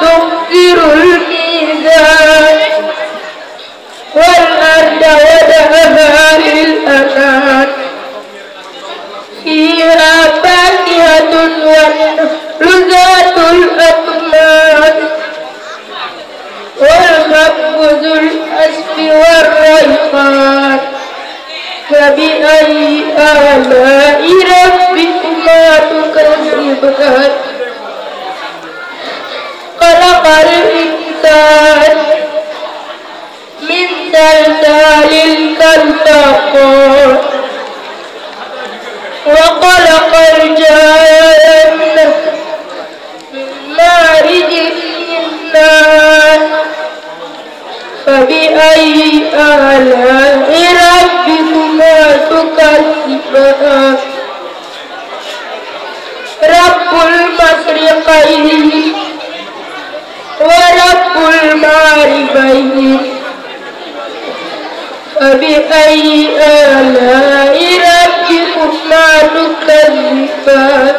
تؤثر الميزان والأرض وضعها للأنام فيها فاكهة والنخل ذات الأكمام والخبز الأسف والريحان فبأي آلاء ربكما تكذبان كمثل الإنسان من تلتال كالفخار وخلق الجنة من مارج من فبأي آلاء ربكما تكذبان رب المشرقين ورب المعرفين فبأي آلاء ربكما تكذبان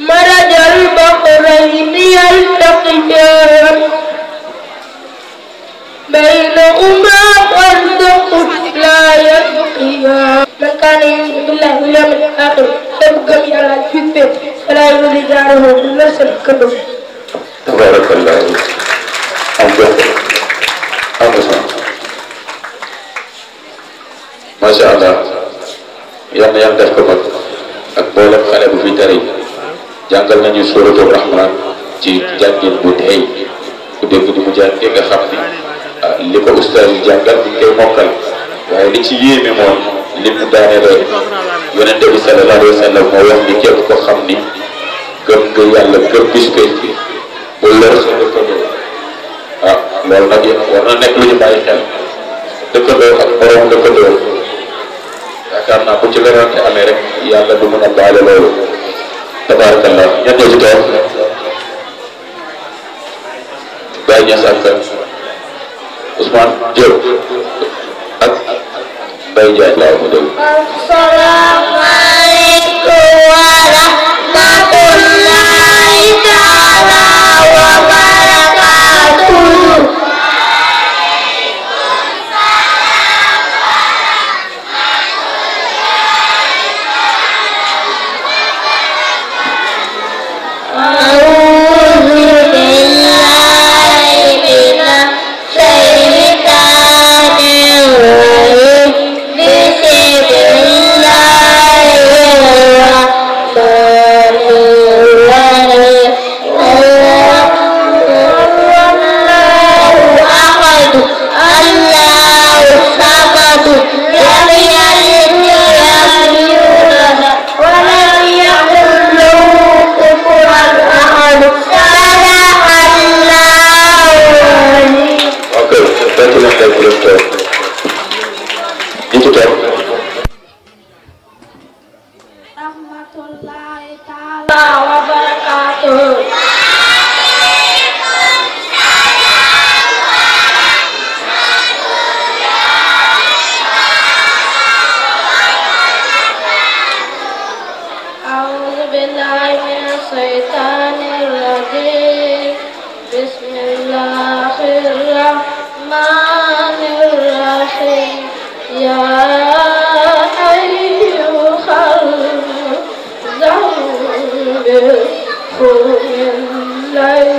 مرج البحرين يلتقيان بينهما برزق لا يبقيان Jangan كان يريد الله واليوم الآخر فبقم di mu jaar li mu daanelee yonente bi sallallahu alayhi wa moo wax ni képp ko xam ni gëm nga yàlla gëm bis pénc bi ba lër sa ah, ak borom dëkkandoo yaakaar naa bu ci lorante amee rek yàlla du mën a baale loolu tabaarakallah ñan ñoo ci toog Baye Niass ak Ousmane Diop ak Baik, jadilah Assalamualaikum Obrigado, professor. thôi lấy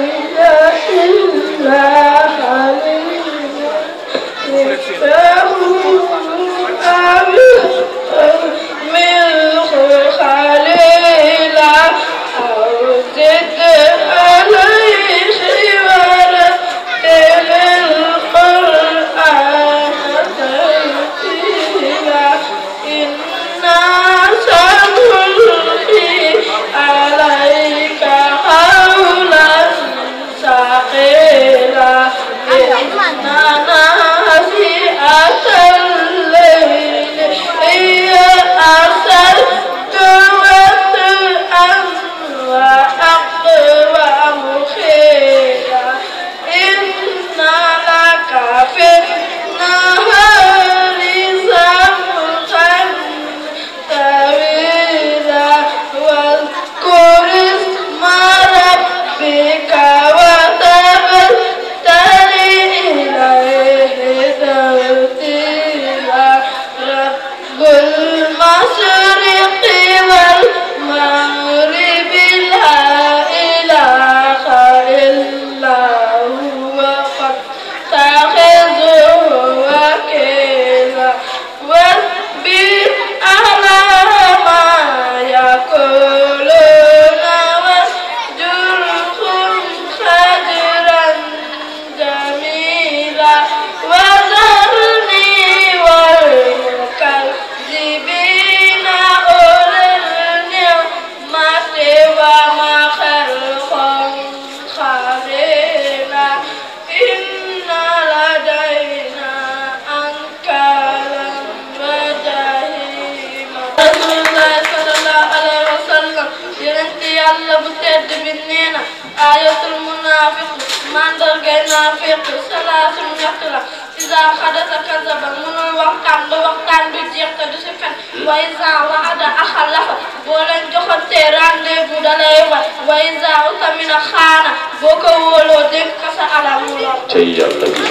naa fekk salaasu ñett la isa xadasa kasaba munul waxtaan ba waxtaan bi jeex te du si fen wa isa waxada axalafa boo leen joxante rendez-vous da lay wat wa isa utamina xaana boo ko wóoloo dénk ko sa alal mu lool tey yàlla bi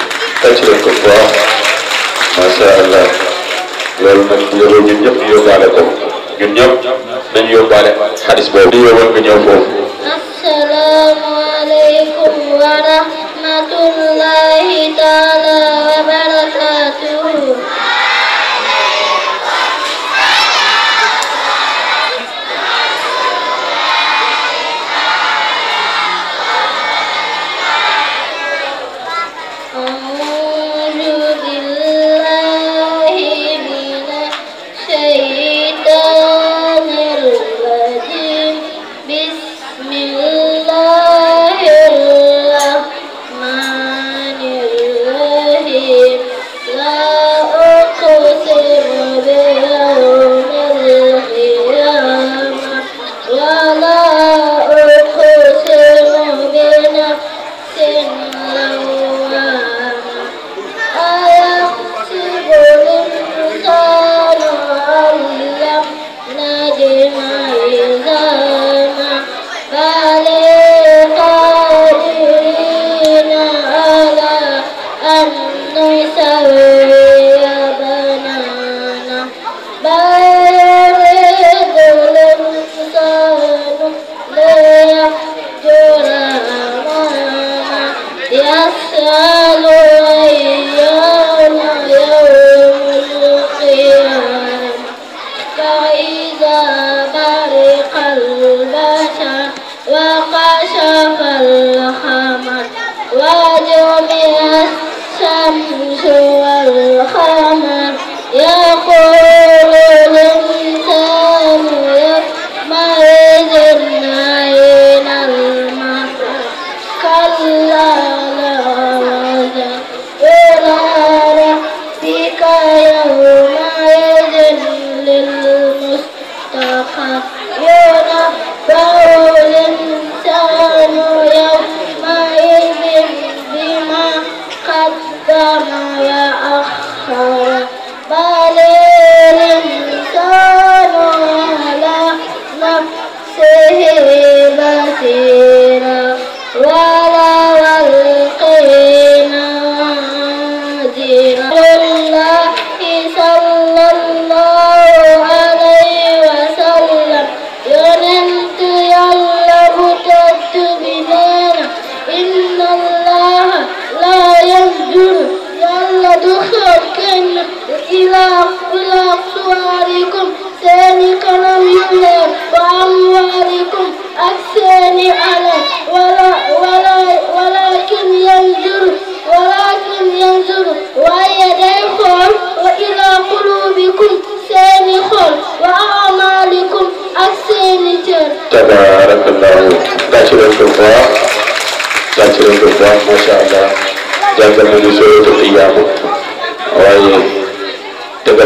tàcc leen ko baax masha allah loolu nag loolu ñun ñëpp ñu yóbbaale ko ñun ñëpp nañu yóbbaale xadis boobu ñu yóbbal nga ñëw foofu asalaamaaleykum wa rahmatulah الله تعالى وبركاته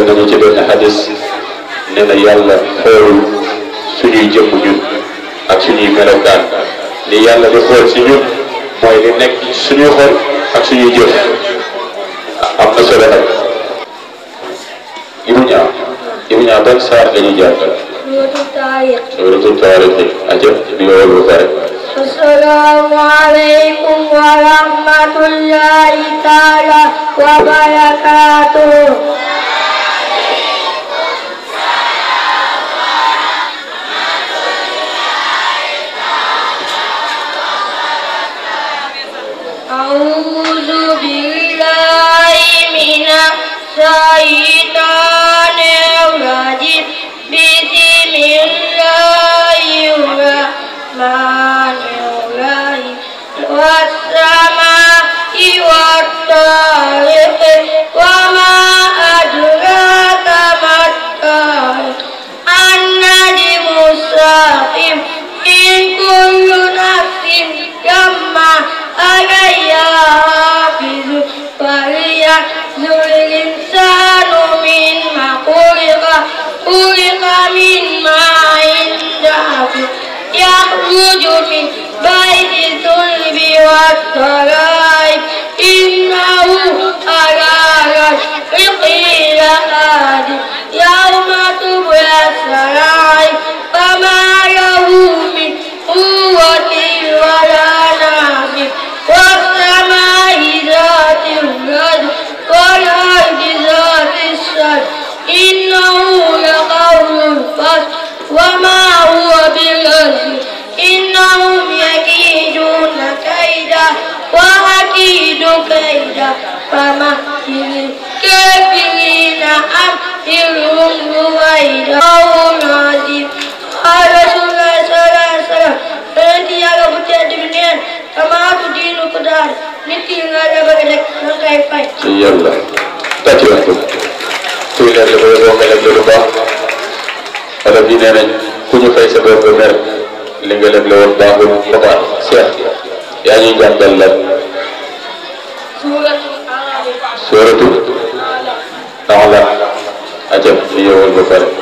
jàngal nañu ci benn xadis nee na yàlla xoolul suñuy jëmm ñun ak suñuy melokaan li yàlla di xool si ñun mooy li nekk suñuy xol ak suñuy jëf am na solo nag Ibou Niang Ibou Niang ban saar la ñuy jàngal suuratu taariq aja bi loolu ba pare assalaamu aleykum wa rahmatullahi taala wa barakaatuh ¡Ay! sallam yi nee nañ ku ñu fay sa bër ba mer li nga leen la woon baaxul fokkaan seet yaa ñuy jàngal lan sóoratu nax la ajab ñu yowal ba pare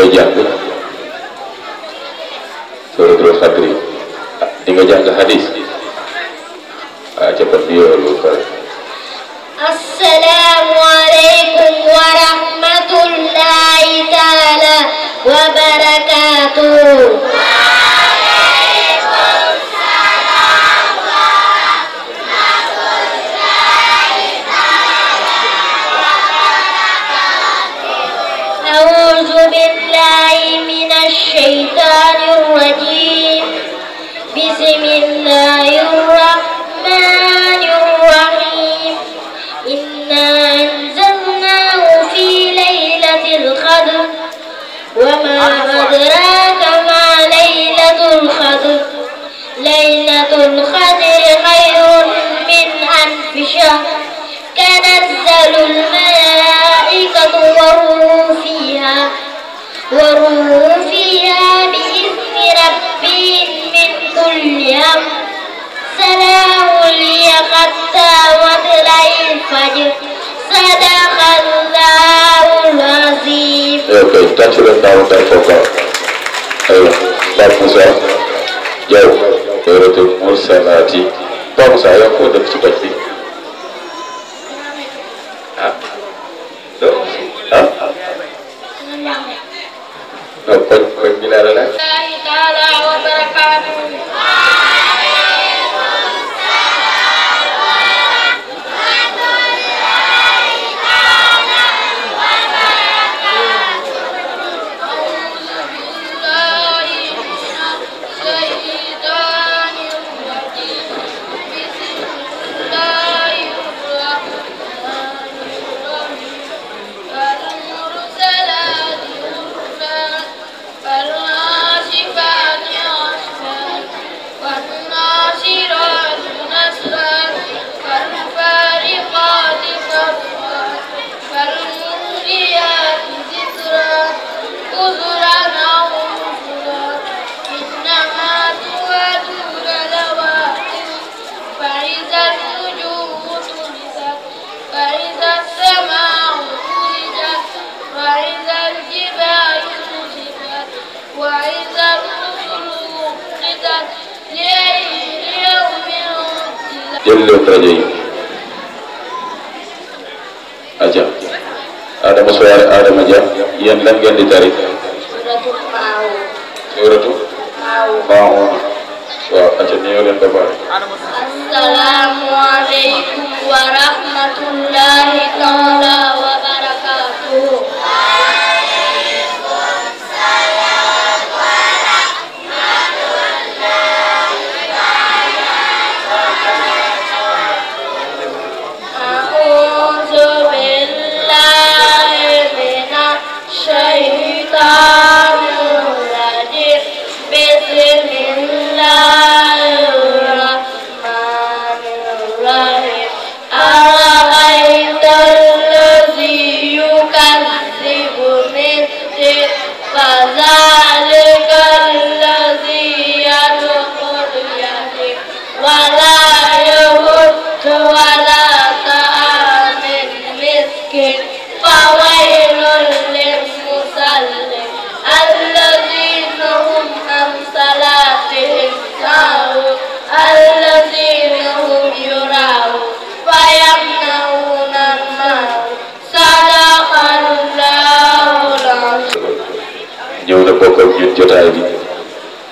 ngay jàng suratul Fajri di nga jàng hadis ah ca pat bi yoolu pare assalaamu aleykum wa rahmatullahi taala wa barakaatuh خير خير من ألف شهر تنزل الملائكة وروح فيها وروح فيها بإذن ربهم من كل يوم سلام لي حتى مطلع الفجر صدق الله العظيم. Okay, touch it up now, thank you. Hey, that's myself. Yo. Suratul Mursalati Bang saya kok udah seperti Ah. Ah. Ah. Ah. Ah. Ah. Ah. Ah. Jelle Praje aja ada Suara ada aja yang lan ngeen kan di tari suratul maaw suratul maaw wa aja ñew len ko Assalamualaikum assalamu alaykum wa rahmatullahi ta'ala bokk jotaay bi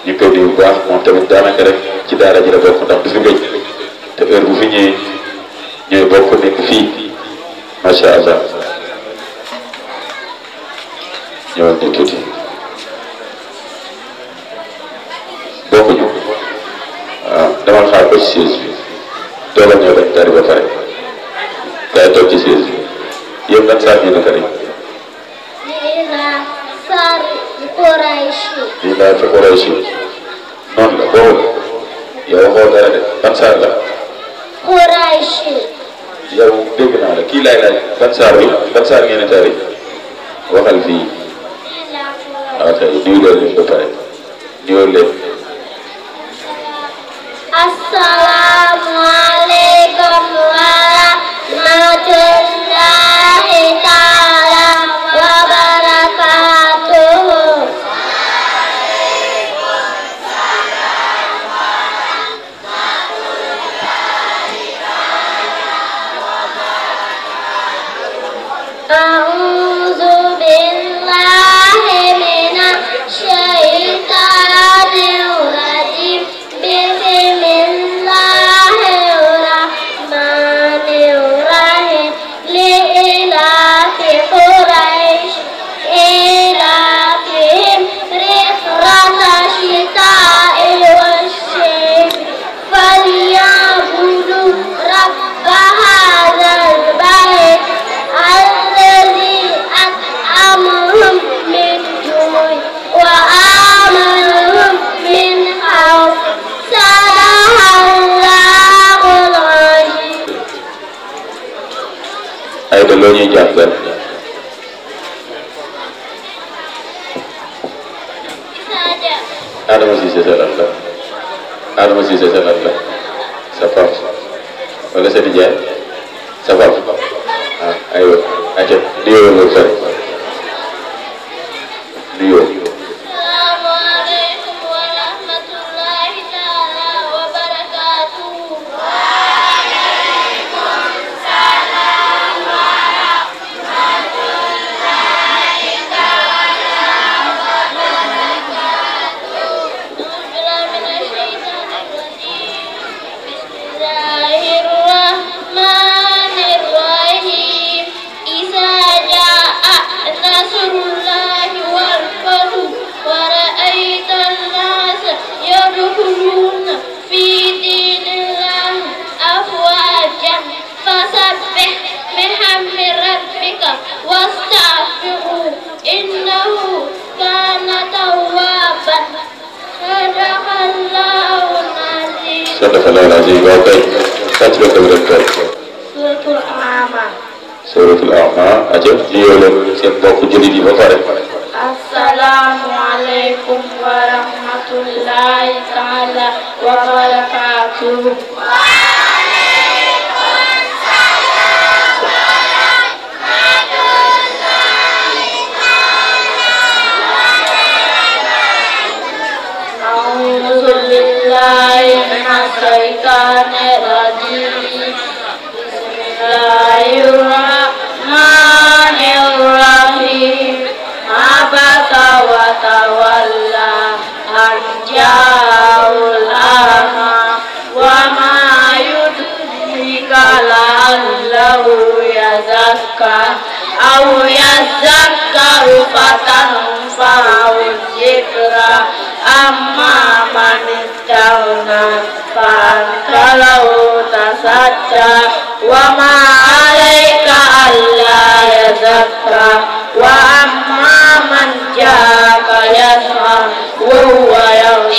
ñu koy nuyu moom tamit daanaka rek ci daara ji la bokk ndax du fi gëj te heure fi ñëwee bokk nekk fii macha allah ñëwal ne tuuti bokkuñu waaw ah, dama xaar ko ci siège bi toogal ñëw rek dari ba pare day toog ci siège bi yëpp nag saa ñu ne ko rek. village ci Quraysh noonu la boobu yow waxoo dara de ban saar la Quraysh yow dégg naa la kii laay laaj ban saar yi ban saar ngeen di tari waxal fii ah, ok nuyu leen leen ba pare nuyu leen assalaamu aleykum wa rahmatullaah loo ñuy jàngal Adama Cissé sa lan la Adama Cissé sa lan la sa pap wala sa nijaay sa pap ah aywa acca di yowee nga sori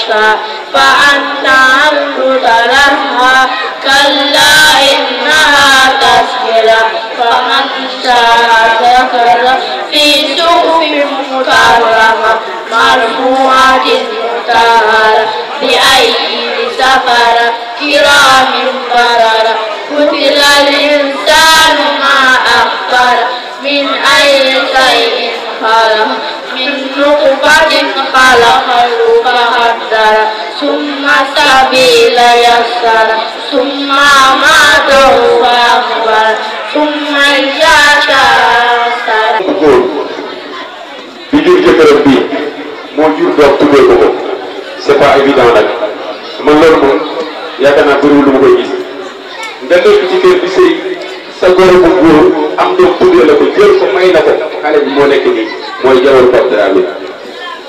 فأنا فأنت عنه كلا إنها تذكرة فمن شاء ذكره في سوق مكرمة مرفوعة مطهرة بأي سفر كرام بررة قتل الإنسان خير شيء خلق من نقبة خلق فقدر ثم سبيل يسر ثم أماته فأخبر ثم إياك أسر jur jëkkëram bii moo jur doom tuddee ko ko c'est pas évident nag man loolu moom yaakaar naa bëriwul lu ma koy gis nga nekk ci kër bi sëy sa góor bu góor am doom tuddee la ko jël ko may na ko xale bi moo nekk nii mooy jawar Pape Dramé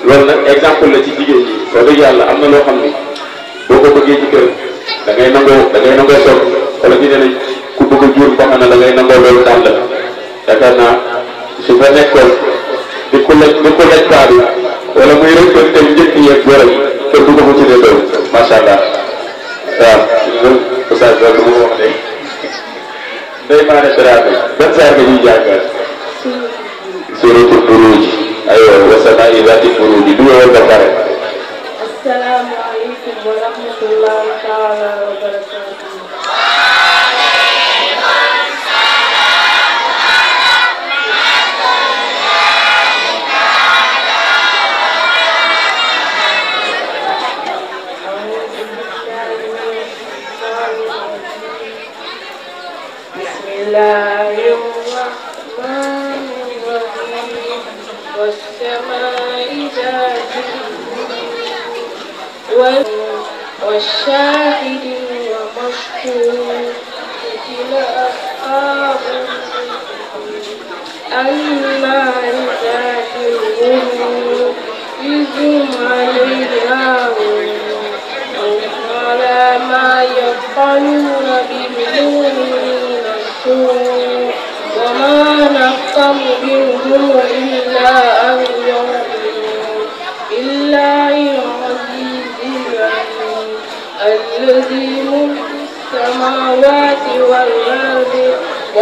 loolu nag exemple la ci jigéen ñi soo dëgg yàlla am na loo xam ni boo ko bëggee ci kër da ngay nangoo da sol wala ñu ne ku bëgg a jur mbaxana da ngay nangoo loolu daal la yaakaar naa su fa nekkoon di ko laj di ko laj paa bi wala muy rek kër njëkk yeeg borom kër du ko ko tuddee doom macha allah waaw loolu message boobu ma wax léegi Souleymane Dramé ban saar nga ñuy jàngal suratu buruj aywa wasama'i zati buruj dugal ba pare. asalaamaaleykum wa rahmatullahi taala wa barakatuh والشاهد ومشهود قتل أصحاب النار ذات الوجود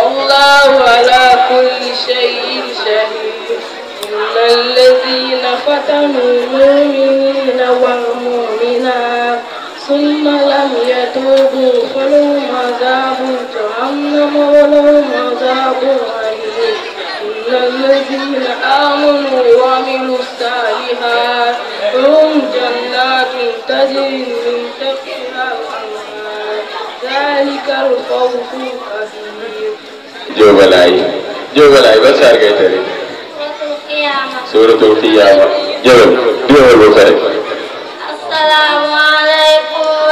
والله على كل شيء شهيد إن الذين فتنوا المؤمنين والمؤمنات ثم لم يتوبوا فلهم عذاب جهنم ولهم عذاب عليم إن الذين آمنوا وعملوا الصالحات لهم جنات تجري من تحتها الأنهار ذلك الخوف الكبير जो भलाई जो भलाई बस हार गए तेरे सूरत उठी आमा जो जो बोलो करे अस्सलाम वालेकुम व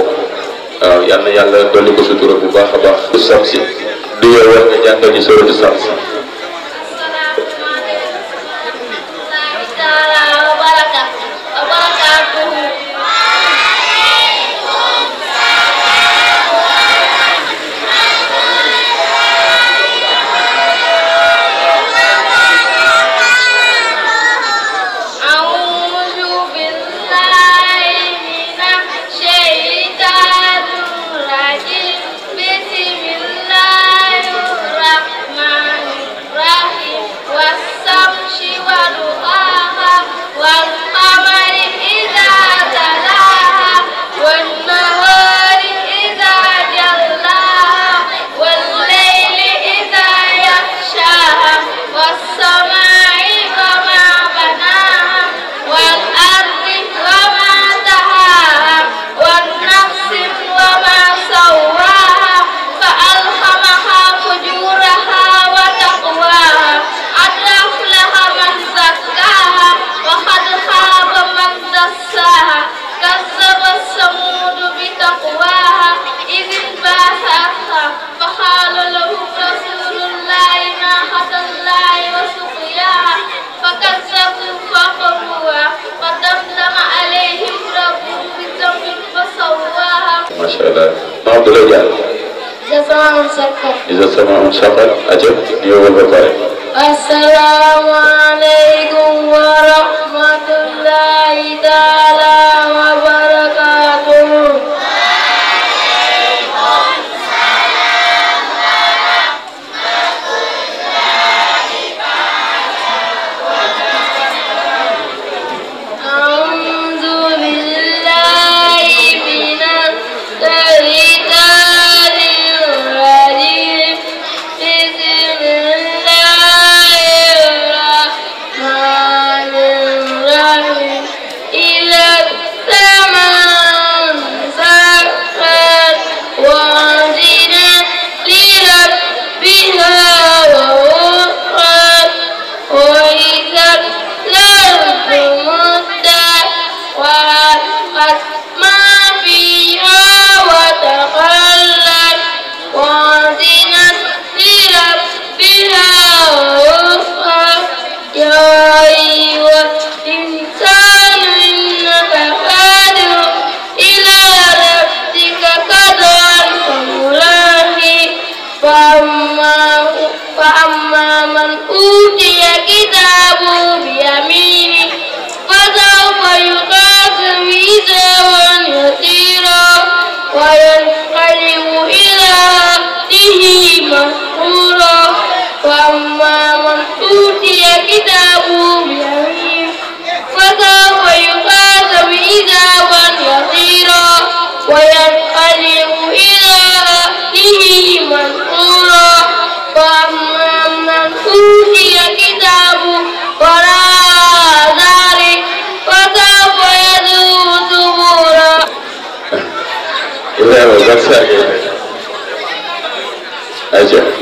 yalla yalla na yàlla ko sutura bu baakha baax. du sax si di yeewal nga jàngal ñu sóoratu sax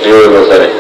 Dios los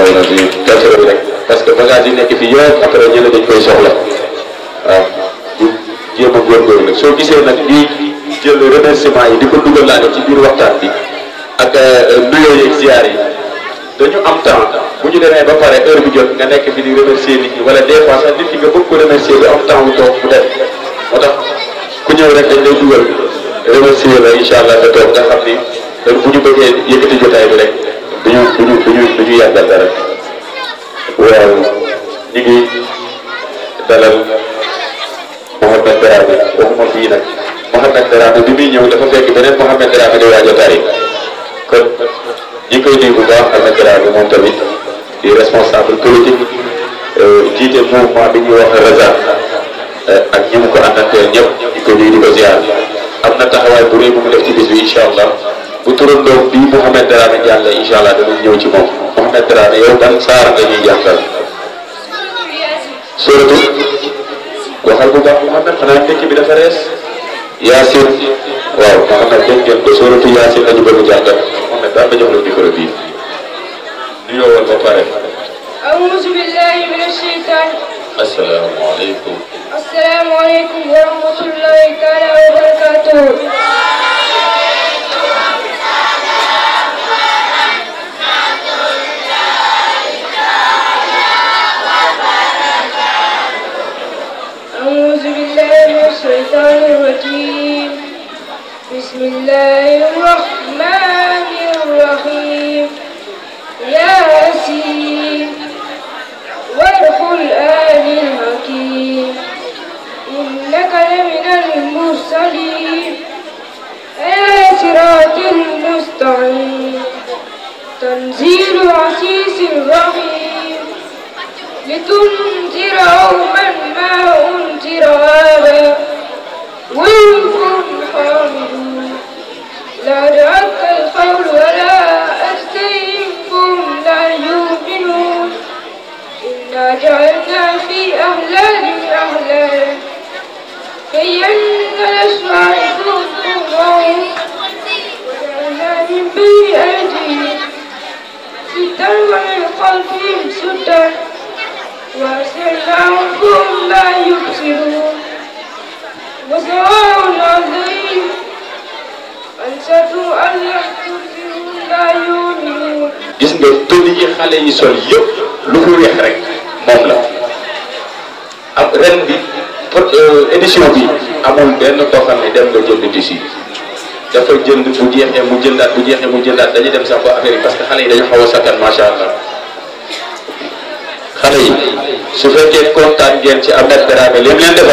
billahi lazim teew parce que bagage yi nekk fii yëpp après ñeneen dañ koy soxla waaw di jéem a góorgóorlu nag soo gisee nag ñuy jël remerciement yi di ko dugalaale ci biir waxtaan bi ak euh, nuyoo yeeg ziar yi dañu am temps bu ñu demee ba pare heure bi jot nga nekk fi di remercier nit ñi wala des a sax nga bëgg ko remercier du am temps toog bu def moo tax ku ñëw rek dañ lay dugal remercier la incha allah nga toog nga xam ni heure bu ñu bëggee yëkkati jotaay dañu dañu dañu dañu yàggal dara waaw liggéey dalal Mouhamed Dramé waxuma fii nag Mouhamed Dramé bi muy ñëw dafa fekk beneen Mouhamed Dramé di waaj a tari kon ñi koy nuyu bu baax Mouhamed Dramé moom tamit di responsable politique jiite mouvement bi ñuy wax Raza ak ñi mu ko àndanteel ñëpp ñi koy nuyu di ko ziar am na taxawaay bu rëy bu mu def ci bis bi incha allah. bu turandoom bii Mouhamed Dramé jàllee incha allah danañ ñëw ci moom Mouhamed Dramé yow ban saar nga ñuy jàngal suratu waxal bu baax Mouhamed xanaa mbécc bi dafa rees Yaasin waaw Mouhamed dégg ngeen ko suratu Yaasin la ñu bëgg jàngal Mouhamed daal ma jox la micro bii nuyoo woon ba pare. أعوذ بالله من الشيطان السلام xale yi dañu xaw a sakkan macha allah xale yi su fekkee li mu leen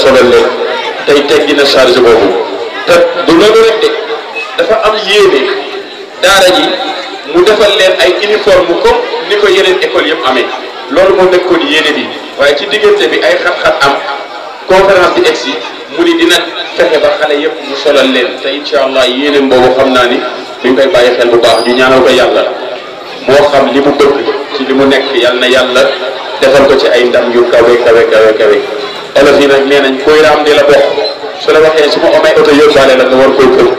solal leen tey teggi na charge boobu te du loolu rek de dafa am yéene daara ji mu defal leen ay uniforme comme ni ko yeneen école yëpp amee loolu moo nekkoon yéene bi waaye ci diggante bi ay xat-xat am conférence bi egsi mu ni dina fexe ba xale yëpp mu solal leen te incha allah yéeneen boobu xam naa ni mi ngi koy bàyyi xel bu baax ñu ñaanal ko yàlla moo xam li mu bëgg ci li mu nekk yàlla na yàlla defal ko ci ay ndam yu kawe kawe kawe kawe olof yi nag nee nañ kuy raam di la bokk su la waxee su ma amee oto yóbbaale la nga war koy gëm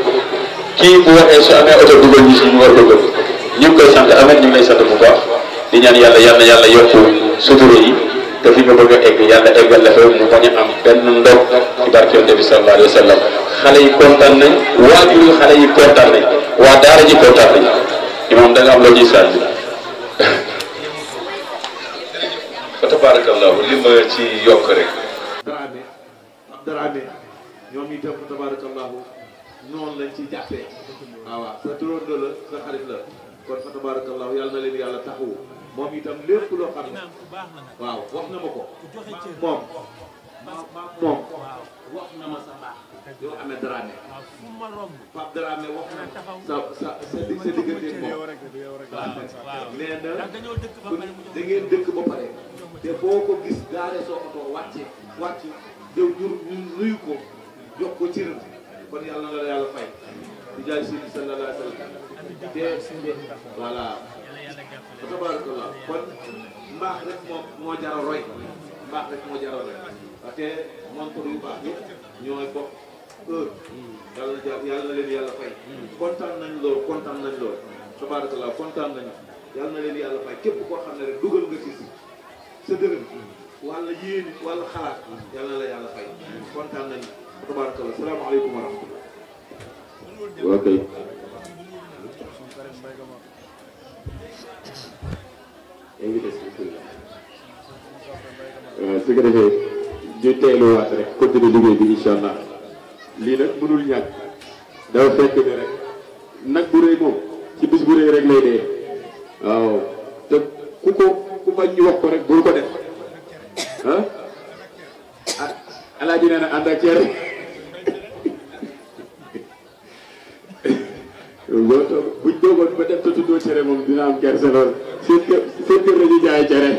kii bu waxee su amee oto dugal ñi si ñu war ko ñu koy sant amet ñu ngi lay sant bu baax di ñaan yàlla yàlla yàlla yokku sutura yi te fi nga bëgg a egg yàlla eggal la fa mu bañ a am benn ndox ci barke wa sallam xale yi kontaan da nga am loo ñuy sànni fa tabarakallahu li ma Dramé ñoom itam tabarakallahu noonu lañ ci jàppee waaw ah waaw sa turando la sa xarit la kon fa tabarakallahu yàlla na leen yàlla taxawu moom itam lépp loo xam ne waaw wax na ma ko moom moom wax na ma sa baax yow amee Dramé Pape Dramé wax na sa sa sa diggante moom waaw nee na da ngeen dëkk ba pare te boo ko gis gaare soo oto wàcce wàcce yow ñu nuyu ko jox ko cëram kon yàlla na la yàlla fay di jaay si sallallahu alayhi wa sallam te voilà ba tabarakallah kon mbaax rek moo moo jar a roy mbaax rek moo jar a roy te montre yu baax yëpp ñooy bokk heure yàlla na jar yàlla na leen yàlla fay kontaan nañ lool kontaan nañ lool tabarakallah kontaan nañu yàlla na leen yàlla fay képp koo xam ne rek dugal nga ci si sa dërëm wala yéene wala xalaat yàlla la yàlla fay kontaan nañu tabarakallah euh, ko defee ñu teeluwaat rek continuer liggéey bi incha allah lii nag mënul ñàkk dafa fekk ne rek nag bu rëy moom ci bis bu rëy rek lay dee waaw te ku ko ku bañ ñu wax ko rek bul ko def ah alaaji nee na ànd ak yar boo too buñ toogoon ba dem te tuddoo cere moom dina am gerte lool seen kër seen kër la jaay cere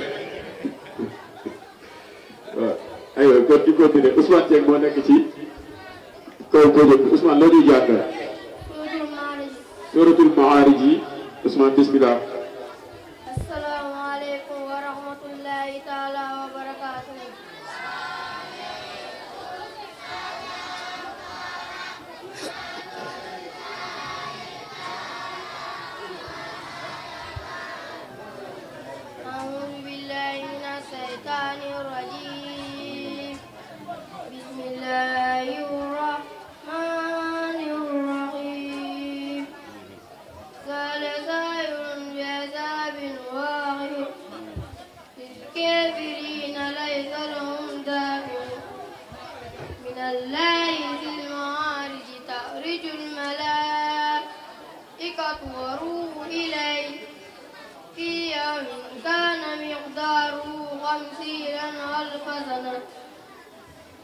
waaw aywa kon ñu continuer Ousmane Dieng moo nekk ci kaw ko jóg Ousmane loo ñuy jàng suratul Maarij yi Ousmane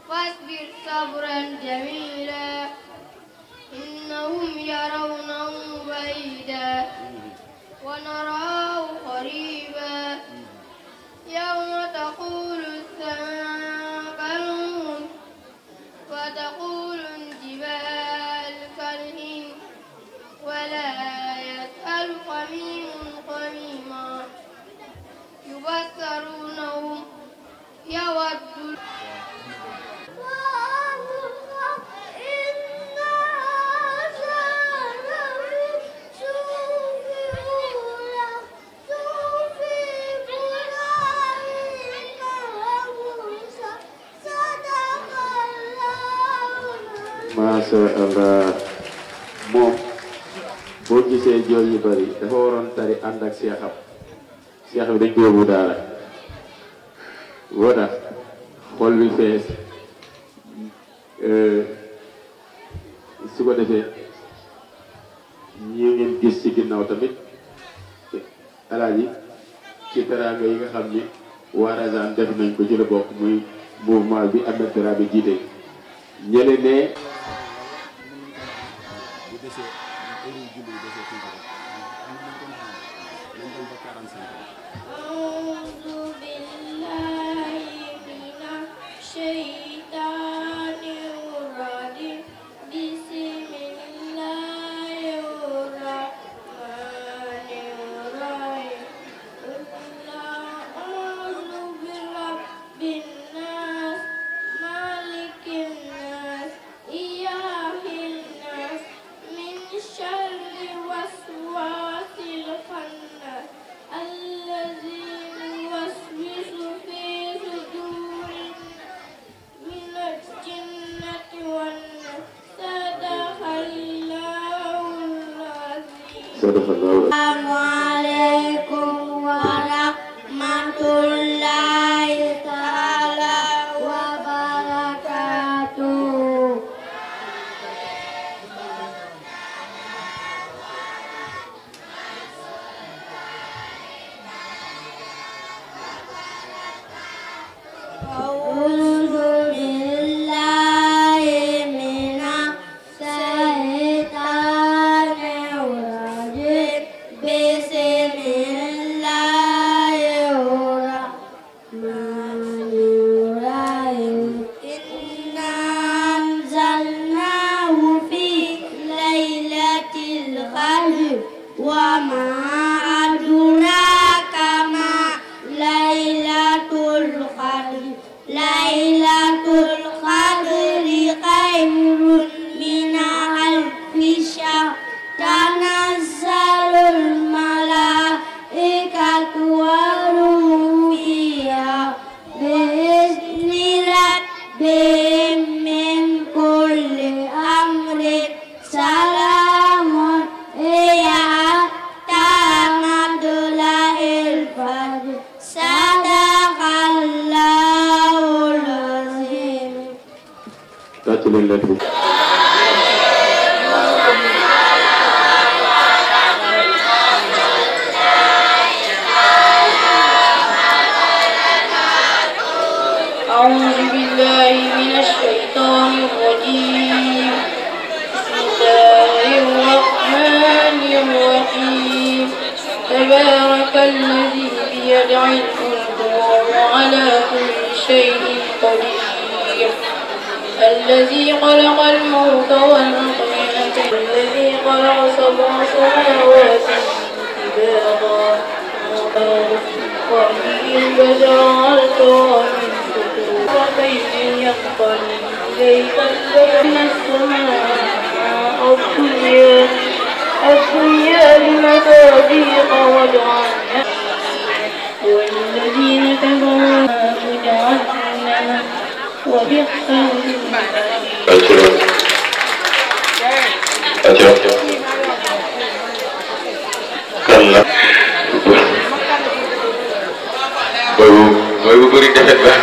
واصبر صبرا جميلا إنهم يرونه بعيدا ونراه قريبا cancer uh, moom boo gisee jooy yu bari dafa waroon tari ànd ak seexam seex bi dañ ko yóbbu daara woo tax xol bi fees euh, su ko defee ñi ngeen gis ci ginnaaw tamit yi ci teraanga yi nga xam ni waa Razane def nañ ko jël la bokk muy mouvement bi Ahmed Dara bi jiite ñële ne Hallelujah.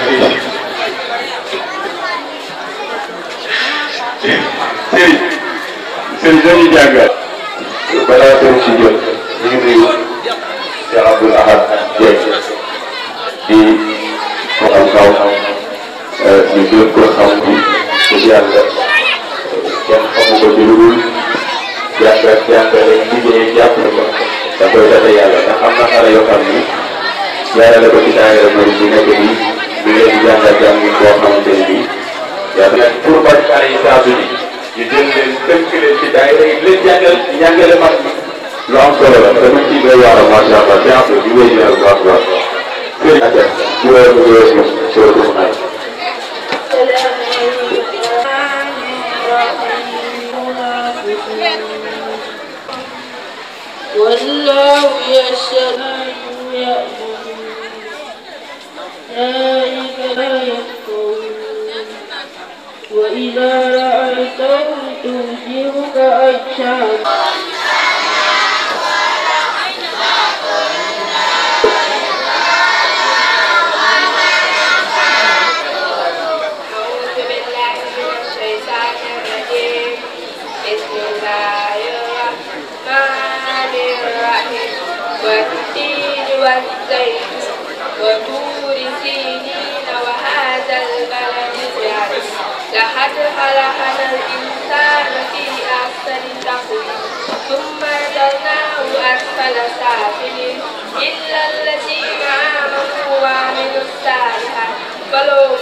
sëriñ sëriñ dañuy jadi balaa sëriñ si jot ñu ngi Ahad Dieng di kau kau kaw ñu kau ko xam bi ci yàlla kenn xamu ko ci lugul jàngal jàngale liggéey jàpp ko da koy dafa yàlla ndax am na xale yoo xam mbiri jàng jàngin boo xamante ne bii yàlla nag pour ba xale yi saa su ne ñu jël leen tënk leen ci daay day leen jàngal jàngale mag bi lu am solo la dama ciy أولئك لا يفقهون وإذا رأيتهم تعجبك أجسامهم أسفل سافلين إلا الذين آمنوا وعملوا الصالحات فلهم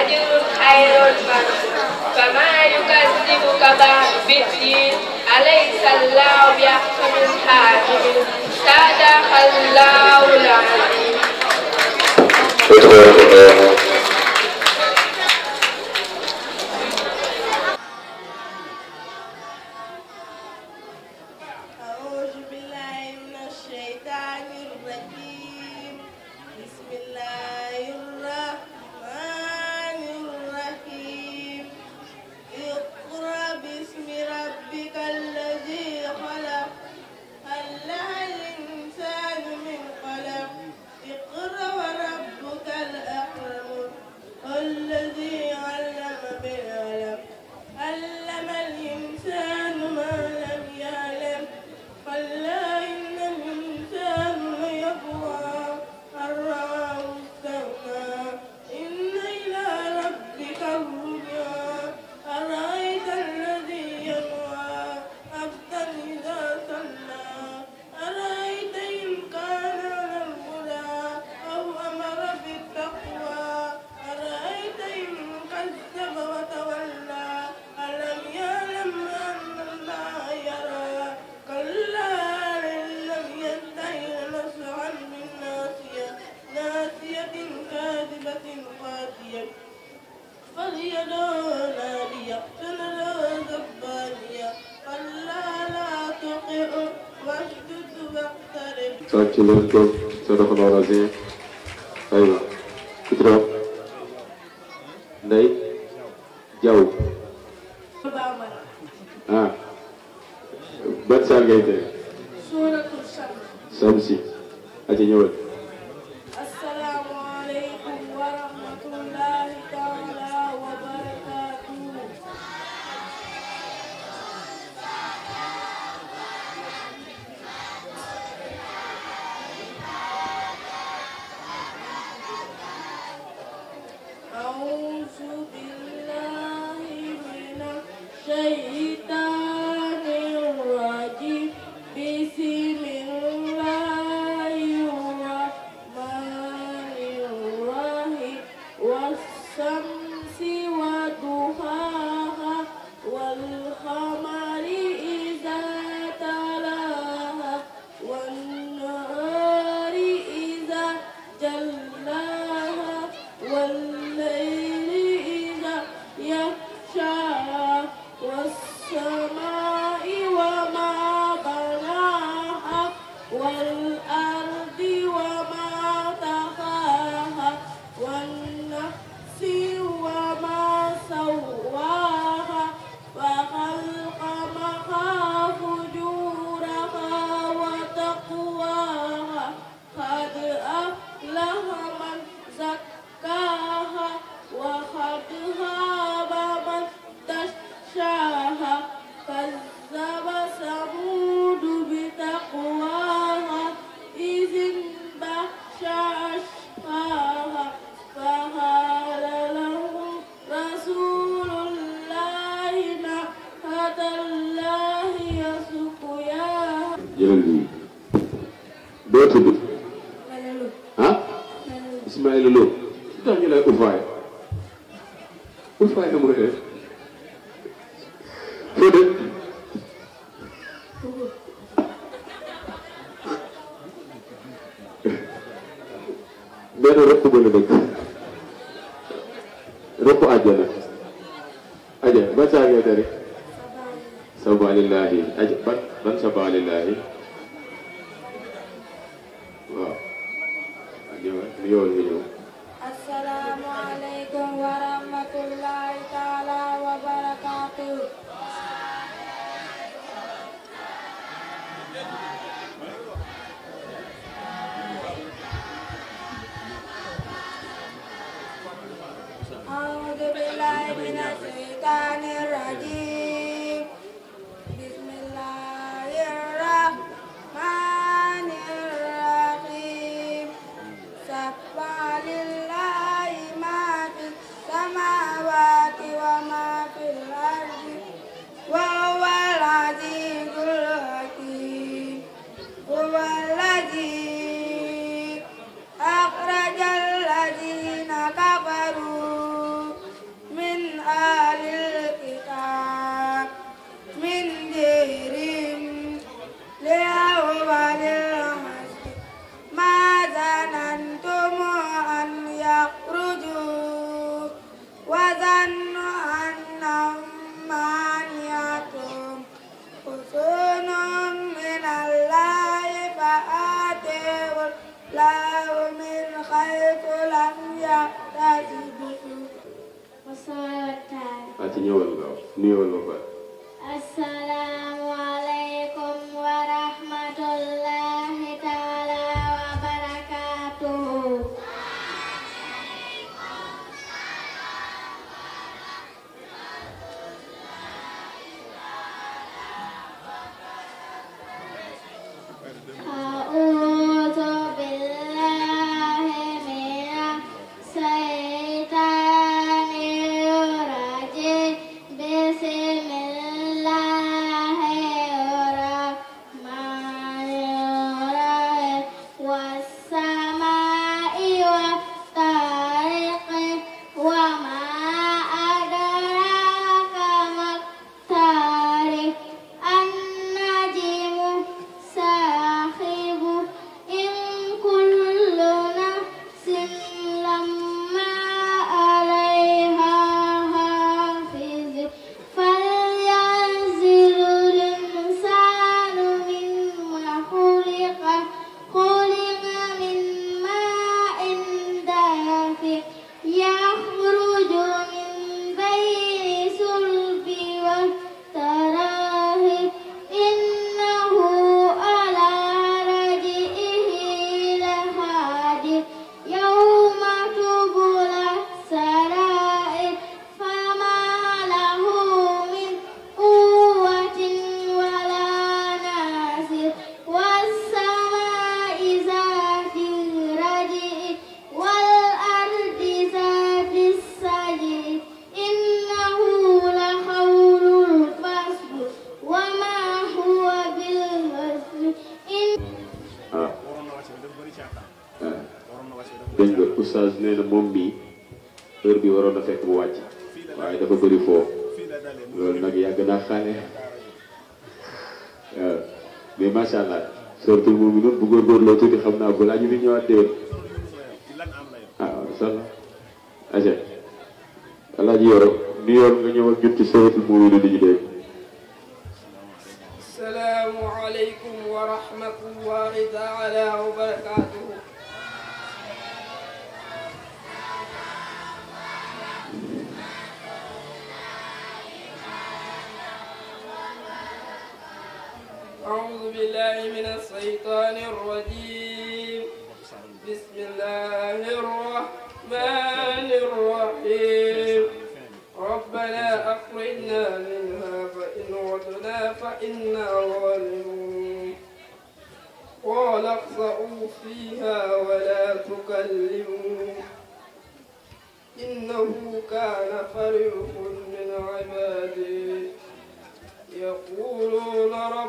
أجر خير منصور فما يكذبك بعد بالدين أليس الله بيحكم الحاكمين صدق الله العظيم الكوب صدق الله العظيم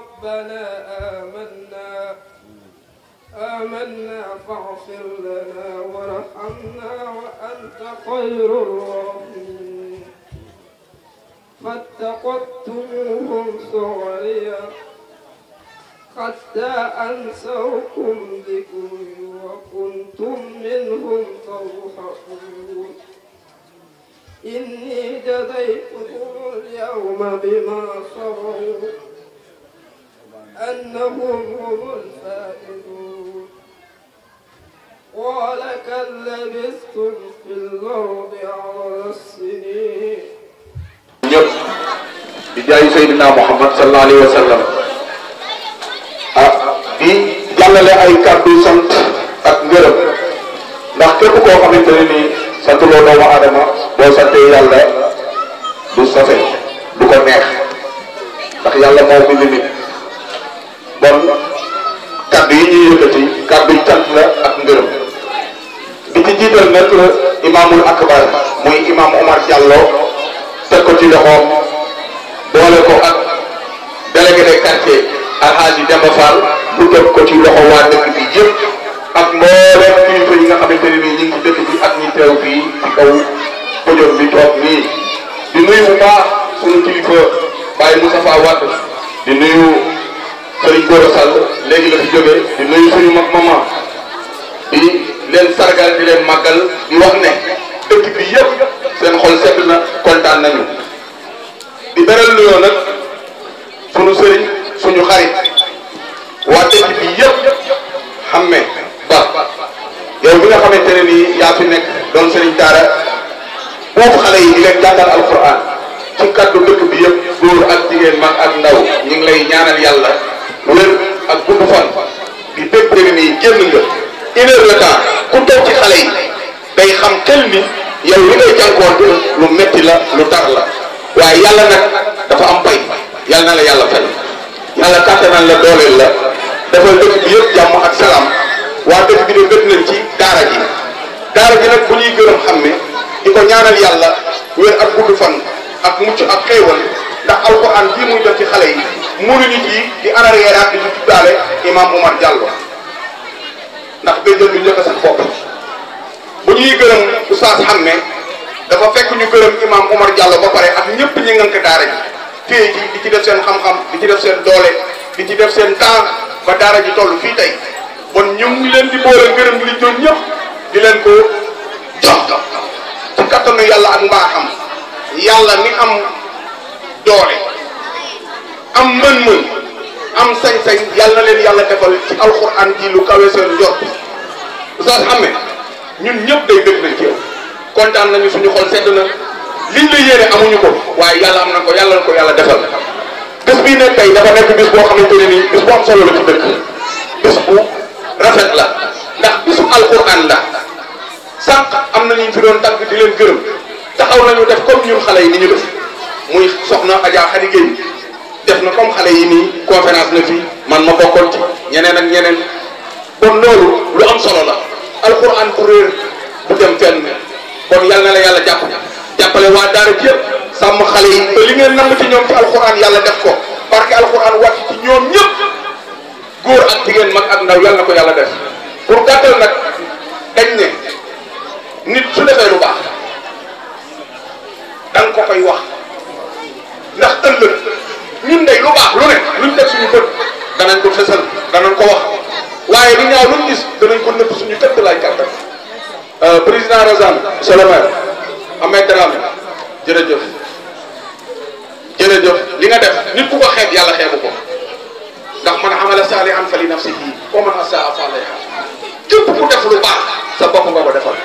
ربنا آمنا آمنا فاغفر لنا وارحمنا وأنت خير الراحمين فاتقدتموهم سعريا حتى أنسوكم ذكري وكنتم منهم تضحكون إني جزيتكم اليوم بما صبروا أنهم هم الفائزون قال كل لبثتم في الأرض عشر سنين بجاي سيدنا محمد صلى الله عليه وسلم di jàllale ay kàddu sant ak ngërëm ndax képp koo xamante ne nii santuloo doomu aadama boo santee yàlla du safe du ko neex ndax yàlla moo bind nit kon kaddu yi ñuy yëkkati kaddu yi cant la ak ngërëm di ci jiital nag imaamul akbar muy imaam Omar Diallo teg ko ci loxoom boole ko ak délégué de quartier alxaaji Demba Fall bu teg ko ci loxo waa bi yëpp ak mbooleem kilifa yi nga xamante ne nii ñu ngi bi ak ñi teew fii ci kaw pëjoon bi toog nii di nuyu bu baax suñu kilifa Baye Moussa Wade di nuyu Serigne Gora léegi la fi jógee di nuyu suñu mag mama di leen sargal di leen màggal di wax ne dëkk bi yëpp seen xol sedd na kontaan nañu di beral nuyoo nag suñu sëriñ suñu xarit waa dëkk bi yëpp xam ne ba yow bi nga xamante ne nii yaa fi nekk doon sëriñ daara boobu xale yi di leen jàngal alquran ci kaddu dëkk bi yëpp góor ak jigéen mag ak ndaw ñu lay ñaanal heures de temps ku toog ci xale yi day xam tel ni yow li ngay jànkoonte lu metti la lu tar la waaye yàlla nag dafa am pay yàlla na yàlla fay yàlla kàttanal la dooleel la dafa dëkk bi yëpp jàmm ak salaam waa dëkk bi de gën nañ ci daara ji daara ji nag bu ñuy gërëm xam ne di ko ñaanal yàlla wér ak gudd fan ak mucc ak xéewal ndax alquran bii muy def ci xale yi mënuñu ci di en arrière di ci tuddaale imam Omar Diallo ndax béykat bi njëkk a sax bopp bu ñuy gërëm oustaz xam ne dafa fekk ñu gërëm imam Omar Diallo ba pare ak ñëpp ñi ngënk daara ji fii ci di ci def seen xam-xam di ci def seen doole di ci def seen temps ba daara ji toll fii tey bon ñu ngi leen di boole gërëm li doon ñëpp di leen ko jox ci kattanu yàlla ak mbaaxam yàlla ni am doole am mën-mën. am sañ-sañ yàlla na leen yàlla defal ci alxuraan ji lu kawe seen njort oustaz Ahmed ñun ñëpp day dëgg nañ ci yow nañu suñu xol sedd na liñ la yéene amuñu ko waaye yàlla am na ko yàlla na ko yàlla defal bis bii ne tey dafa nekk bis boo xamante ne nii bis bu am solo la ci dëkk bis bu rafet la ndax bisu alxuraan la sànq am nañu fi doon tàgg di leen gërëm taxaw nañu def comme ñun xale yi ni ñu def muy soxna Adja Khady Gueye def na comme xale yi nii conférence na fii man ma bokkoon ci ñeneen ak ñeneen kon loolu lu am solo la alxuraan bu réer bu dem fenn kon yal na la yàlla jàpp jàppale waa daara ji yëpp sàmm xale yi te li ngeen namm ci ñoom ci alxuraan yàlla def ko parce que alxuraan wàcc ci ñoom ñëpp góor ak ngeen mag ak ndaw yal na ko yàlla def pour gàttal nag dañ ne nit su defee lu baax da ko koy wax ndax ëllëg. ñun day lu baax lu ne luñ teg suñu bët danañ ko fësal danañ ko wax waaye lu ñaaw luñ gis danañ ko nëbb suñu këtt laay kàttan euh, président Razan Solomon Ahmed Dramé jërëjëf jërëjëf li nga def nit ku ko xeeb yàlla xeebu ko ndax man amala saalihan fa li nafsihi wa man asaa fa alayha képp ku def lu baax sa bopp nga ko defal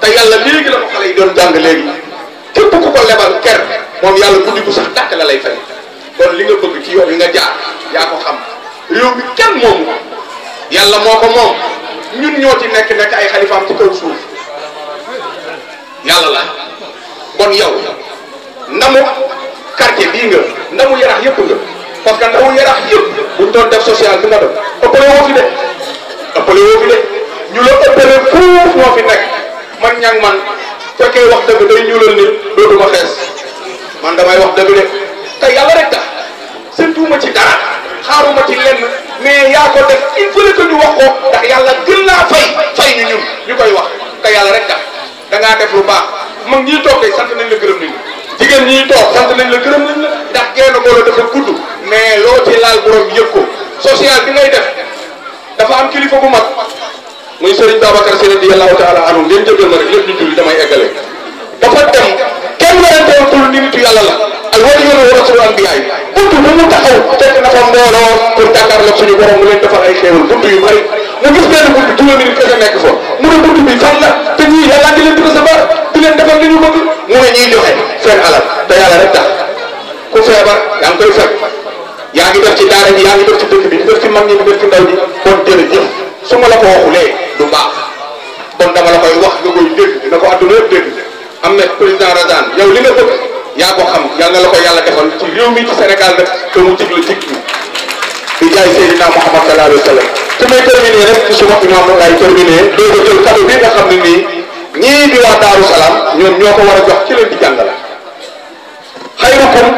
te yàlla léegi la ko xale yi doon jàng léegi képp ku ko lebal ker moom yàlla guddi gu sax dàkk la lay fay kon li nga bëgg ci yoon yi nga jaar yaa ko xam réew mi kenn moomu ko yàlla moo ko moom ñun ñoo ci nekk nekk ay xalifaam ci kaw suuf yàlla la kon yow ndamu quartier bii nga ndamu yarax yëpp nga parce que ndamu yarax yëpp buñ doon def social bi nga doon fi de ëppale fi de ñu ëppale fuuf moo fi nekk man ñang man fekkee wax dëgg day ñuulal nit dootuma xees man damay wax dëgg de te yàlla rek tax sëntuuma ci dara xaaruma ci lenn mais yaa ko def il faut que ñu wax ko ndax yàlla gën laa fay fay ñu ñun ñu koy wax te yàlla rek tax da ngaa def lu baax mag ñiy toog tey sant nañ la gërëm nañ la jigéen ñiy toog sant nañ la gërëm nañ la ndax genn booloo dafa gudd mais loo ci laal borom yëg ko social bi ngay def dafa am kilifa bu mag muy Serigne Babacar Sy radiyallahu taala anhu ngeen jëgal ma rek lépp ñu julli damay eggale dafa dem kenn werantewul ni nitu yàlla la a waliyyu wa rasulu anbiyaay bu mu taxaw fekk na fa mbooloo pour jàkkaarloog suñu borom mu leen defal ay xéewal bunt yu bari mu gis benn bunt juróomi nekk fa mu ne bi fan la te ñii yàlla di leen di recevoir di leen defal li ñu bëgg mu ne ñuy joxe seen alal te rek tax ku feebar yaa ngi def ci daara yaa ngi def ci dëkk bi di def ci mag ñi def ci ndaw ji kon jërëjëf su ma la ko waxulee du baax kon dama la koy wax nga koy dégg dina ko àdduna yëpp dégg am na président Razane yow li nga bëgg yaa ko xam yal na la ko yàlla defal ci réew mi ci Sénégal nag te mu jig la jig ñu di jaay Seydina Mouhamad sallallahu alayhi wa sallam su may terminer rek ci suma imam lay terminer doo ko jël kàddu bi nga xam ne nii ñii di waa Daaru Salaam ñoom ñoo ko war a jox ci leen di jàngale xayrukum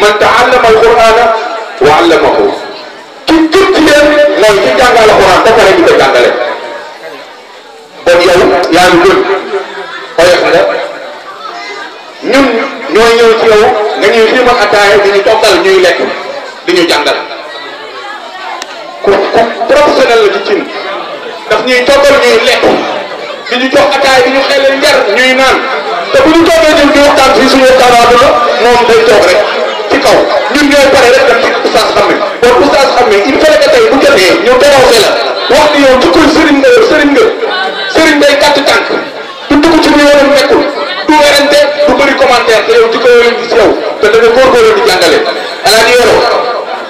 man taallama alqurana wa allamahu ki gën ci leen mooy ki jàngale alquran ba pare ñu ko jàngale kon yow yaa ngi gën oyof la ñun ñoo ñëw ci yow nga ñuy xirmal attaaya di ñu toggal ñuy lekk di ñu jàngal ku ku professionnel la ci cin daf ñuy toggal ñuy lekk ñuy naan te bu ñu toogee ñun di waxtaan fii suñu waxtaan waa dula moom day toog rek ci kaw ñun ñooy pare rek dem ci oustaz xam ne bon oustaz xam ne il faut ñu teewse la wax ni sëriñ nga sëriñ nga sëriñ day gàtt tànk ci lu yoonam nekkul du werante du bëri commentaire te yow ci ko yoonam ci yow te da nga góorgóorlu di jàngale El Hadj Yoro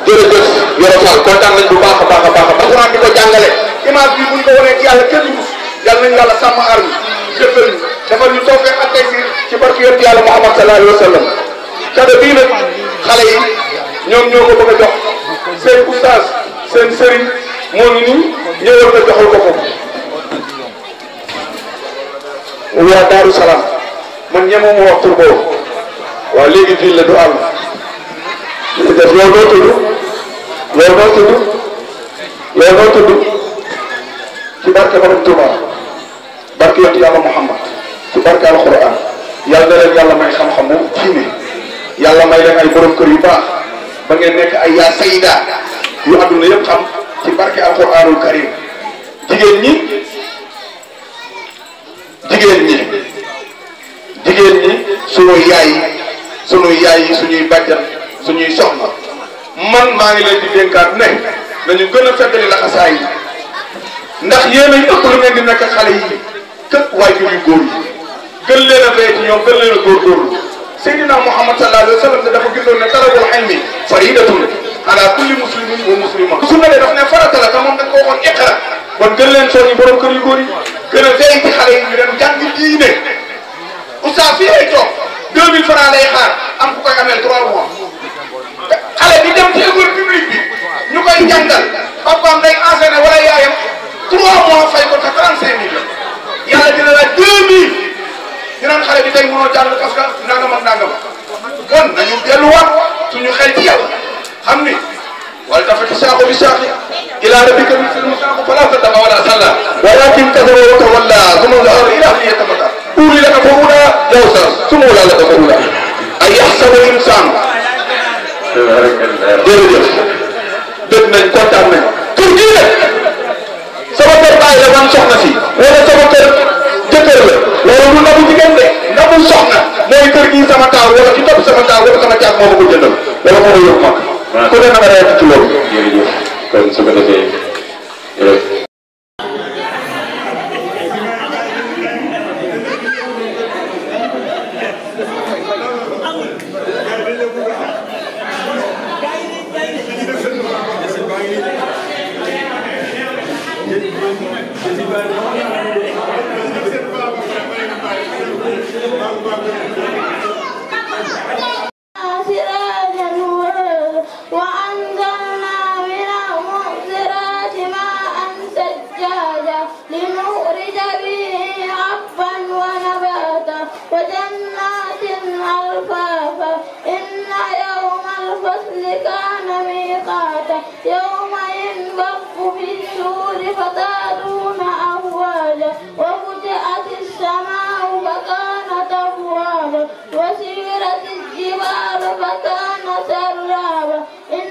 jërëjëf Yoro Fall bu baax a baax a baax a baax alxuraan di ko jàngale image bi buñ ko wanee ci yàlla kenn mus yàlla nañ yàlla sàmm aar ñu jëfal ñu ci yàlla Muhammad sallallahu alayhi wa sallam kado bii xale yi ñoom ñoo ko bëgg a jox seen oustaz seen sëriñ moo ngi nii ñëwal nga joxal ko ko wa daru salam man ñemuma wax tur wa legi fi la du am li def loolu noo tudd loolu noo tudd loolu noo tudd ci barke Borom Tuuba barke yonent yàlla Muhammad ci barke alquran yalla na yalla may xam xam ci diine yalla may leen ay borom kër yu ba ba ngeen nek ay ya sayyida yu aduna yeb xam ci barke alquranul karim jigen ni jigéen ñi jigéen ñi sunu yaay sunu yaay yi suñuy bàjjan suñuy soxna man maa ngi leen di dénkaat ne dañu gën a feddali laxasaay yi ndax yéen a ëpp lu ngeen di nekk xale yi kët waajur yu góor yi gën leen a béy ci ñoom gën leen a góorgóorlu Seydina Muhammad sallallahu alayhi wa sallam dafa gisoon ne talabul ilmi faridatun ala kulli muslimin wa muslima su ne daf ne farata la moom dañ ko waxoon iqra kon gën leen soññi borom kër yu góor yi gën a feeñ ci xale yi ñu dem jàngi diine oustaz fii lay toog 2000 francs lay xaar am ku koy amee 3 mois xale bi dem ci école publique bi ñu koy jàngal papaam day enseigné wala yaayam 3 mois fay ko te 35 mille yàlla la 2000 ñu naan xale bi tey mënoo jàng parce que nangam kon nañu delluwaat suñu xel ci yàlla xam ni wala dafa ci saako bi saako إلى ربك مثل المساق فلا صدق ولا صلى ولكن كفر وتولى ثم الأمر إلى أن يتمتع قول لك فهنا يوسر ثم لا لك فهنا أي يحسب الإنسان jërëjëf dégg nañ kontaan nañ tur gii nag sama kër baay la man soxna si wala sama kër la wala du nabu jigéen de nabu soxna mooy kër gii wala ci topp sama moo ma ko jëndal wala moo ma yóbbu mag ku ne na nga rayati ci loolu kon su ko defee rek فكان شرابا